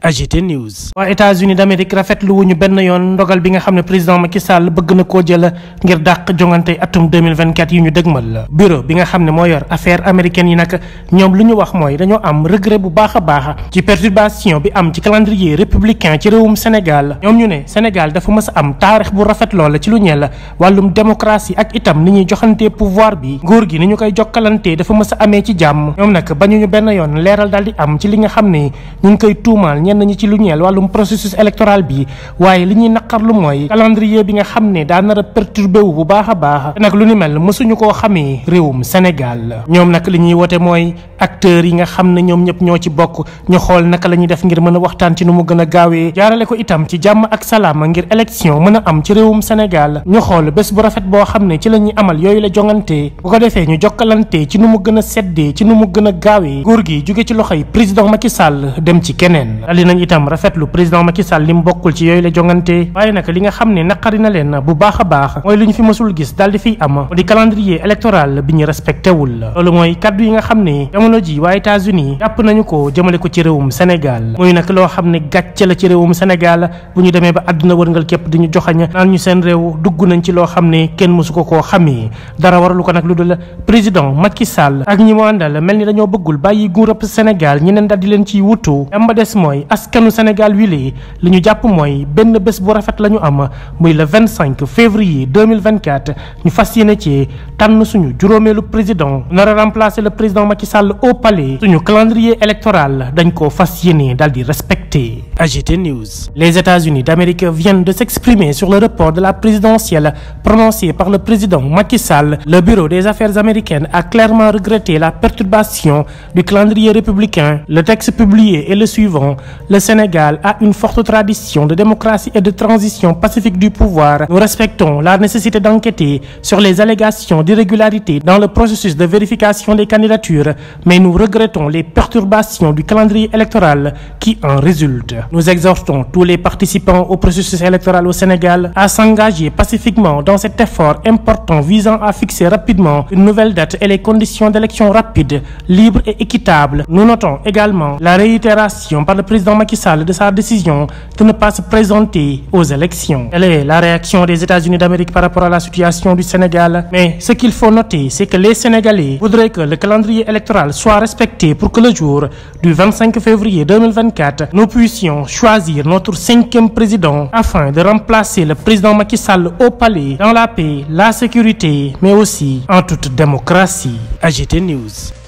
AGT News. waa États-Unis d'Amérique rafetlu ñu benn yoon ndogal bi nga xam ne président Macky Sall bëgg na koo jël ngir dàq jongante atum 2024 yi ñu dëgmal. bureau bi nga xam ne moo yor affaire américaine yi nag ñoom lu ñu wax mooy dañoo am regret bu baax a baax ci perturbation bi am ci calendrier républicain ci réewum Sénégal. ñoom ñu ne Sénégal dafa mës a am taarix bu rafet la ci lu ñee la wàllum démocratie ak itam ni ñuy joxante pouvoir bi nguur gi ni ñu koy jokkalante dafa mës a amee ci jàmm ñoom nag bañuñu benn yoon leeral daal di am ci li nga xam ne koy ñenn ñi ci lu ñeel wàllum processus électoral bi waaye li ñuy lu mooy calendrier bi nga xam ne daa nar a perturbé wu bu baax a baax nag lu ni mel mësuñu koo xamee réewum Sénégal ñoom nag li ñuy wote mooy acteurs yi nga xam ne ñoom ñëpp ñoo ci bokk ñu xool naka la ñuy def ngir mën a waxtaan ci nu mu gën a gaawee jaarale ko itam ci ak salaama ngir élection mën a am ci réewum Sénégal ñu xool bés bu rafet boo xam ne ci la ñuy amal yooyu la jongante bu ko defee ñu jokkalante ci nu mu gën a seddee ci nu mu gën a gaawee nguur gi jóge ci loxoy président Macky Sall dem ci keneen dolli nañ itam rafetlu président Macky Sall li mu bokkul na leen bu a baax mooy lu ñu fi mësul gis daal di fiy am ñu respecté wul loolu mooy kaddu yi nga xam ne jamono ji waa États-Unis jàpp ko jëmale ko ci réewum Sénégal muy nag loo xam ne gàcce la ci réewum Sénégal bu ñu demee ba àdduna wërngal képp di ñu joxañ naan ñu seen dugg nañ ci loo ne kenn mësu ko koo xamee dara waralu ko nag lu dul président Macky Sall ak ñi mu àndal mel ni dañoo bëggul bàyyi nguurub Sénégal ñeneen daal di leen ciy wutu am ba des mooy askanu Sénégal wile li ñu jàpp mooy benn bés bu rafet la ñu am muy le vingt cinq février deux mille vingt quatre ñu fas yéene ci tànn suñu juróomeelu président nar a le président Macky Sall au palais suñu calendrier électoral dañ ko fas yéene daal di respecté. AGT News. Les États-Unis d'Amérique viennent de s'exprimer sur le report de la présidentielle prononcée par le président Macky Sall. Le Bureau des affaires américaines a clairement regretté la perturbation du calendrier républicain. Le texte publié le suivant. le Sénégal a une forte tradition de démocratie et de transition pacifique du pouvoir. Nous respectons la nécessité d'enquêter sur les allégations d'irrégularités dans le processus de vérification des candidatures, mais nous regrettons les perturbations du calendrier électoral qui en résultent. Nous exhortons tous les participants au processus électoral au Sénégal à s'engager pacifiquement dans cet effort important visant à fixer rapidement une nouvelle président Macky Sall de sa décision de ne pas se présenter des États-Unis d'Amérique par rapport à la situation du Sénégal? Mais ce qu'il faut noter, c'est que les Sénégalais voudraient que le calendrier électoral soit respecté pour que le le président Macky Sall au palais dans la paix, la sécurité, mais aussi en toute démocratie. AGT News.